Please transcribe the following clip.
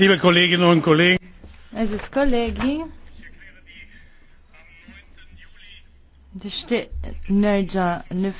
Liebe Kolleginnen und Kollegen. Es ist kollegi. Tixtieq nerġa' nif